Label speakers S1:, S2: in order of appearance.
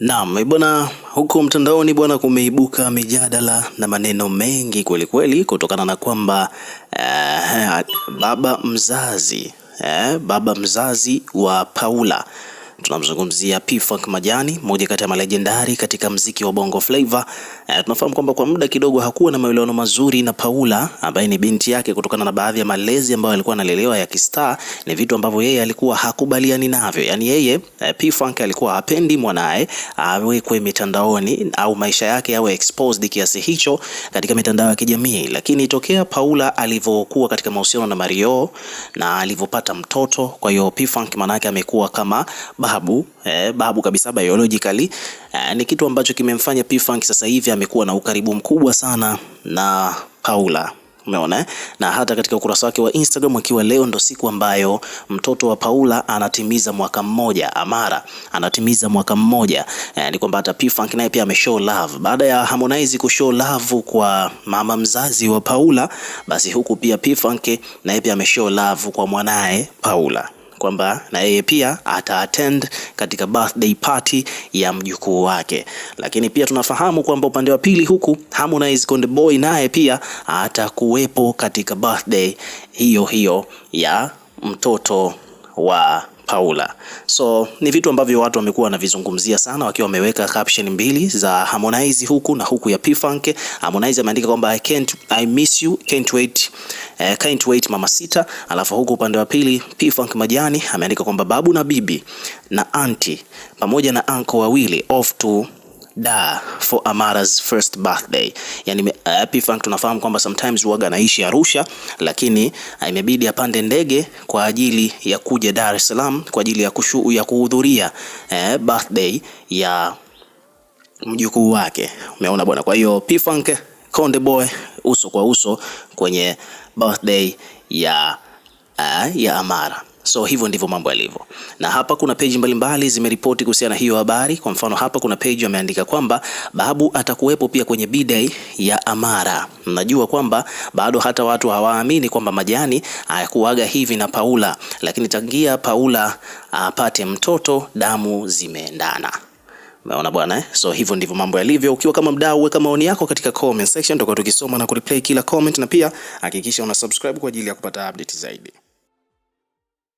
S1: Naam, eh, bwana, huko mtandaoni bwana, kumeibuka mijadala na maneno mengi kweli kweli, kutokana na kwamba eh, baba mzazi eh, baba mzazi wa Paula Tunamzungumzia P Funk Majani, moja kati ya malejendari katika mziki wa Bongo Flavor. E, eh, tunafahamu kwamba kwa muda kidogo hakuwa na maelewano mazuri na Paula ambaye ni binti yake, kutokana na baadhi ya malezi ambayo alikuwa analelewa ya kistaa. Ni vitu ambavyo yeye alikuwa hakubaliani navyo, yaani yeye eh, P Funk alikuwa hapendi mwanaye awekwe mitandaoni au maisha yake yawe exposed kiasi hicho katika mitandao ya kijamii, lakini tokea Paula alivyokuwa katika mahusiano na Mario na alivyopata mtoto, kwa hiyo P Funk manake amekuwa kama babu eh, babu kabisa biologically eh, ni kitu ambacho kimemfanya P Funk sasa hivi amekuwa na ukaribu mkubwa sana na Paula. Umeona, eh? na hata katika ukurasa wake wa Instagram akiwa leo ndo siku ambayo mtoto wa Paula anatimiza mwaka mmoja, Amara anatimiza mwaka mmoja eh, ni kwamba hata P Funk naye pia ameshow love baada ya Harmonize kushow love kwa mama mzazi wa Paula, basi huku pia P Funk naye pia ameshow love kwa mwanaye Paula kwamba na yeye pia ata attend katika birthday party ya mjukuu wake, lakini pia tunafahamu kwamba upande wa pili huku Harmonize Konde Boy naye pia atakuwepo katika birthday hiyo hiyo ya mtoto wa Paula. So ni vitu ambavyo watu wamekuwa wanavizungumzia sana wakiwa wameweka caption mbili za Harmonize huku na huku ya P-Funk. Harmonize ameandika kwamba I can't, I miss you, can't wait eh, Can't Wait Mama Sita. Alafu huko upande wa pili P Funk Majani ameandika kwamba babu na bibi na anti pamoja na anko wawili off to da for Amara's first birthday. Yani, uh, eh, P-Funk tunafahamu kwamba sometimes huaga anaishi Arusha, lakini uh, imebidi apande ndege kwa ajili ya kuja Dar es Salaam kwa ajili ya kushu, ya kuhudhuria uh, birthday ya mjukuu wake. Umeona bwana, kwa hiyo P-Funk Konde Boy uso kwa uso kwenye birthday ya, uh, ya Amara. So hivyo ndivyo mambo yalivyo, na hapa kuna peji mbalimbali zimeripoti kuhusiana na hiyo habari. Kwa mfano, hapa kuna peji ameandika kwamba Babu atakuwepo pia kwenye bidai ya Amara. Najua kwamba bado hata watu hawaamini kwamba Majani hayakuaga hivi na Paula, lakini tangia Paula apate mtoto damu zimeendana. Naona bwana eh? So hivyo ndivyo mambo yalivyo. Ukiwa kama mdau, weka maoni yako katika comment section, tutakuwa tukisoma na kureplay kila comment, na pia hakikisha una subscribe kwa ajili ya kupata update zaidi.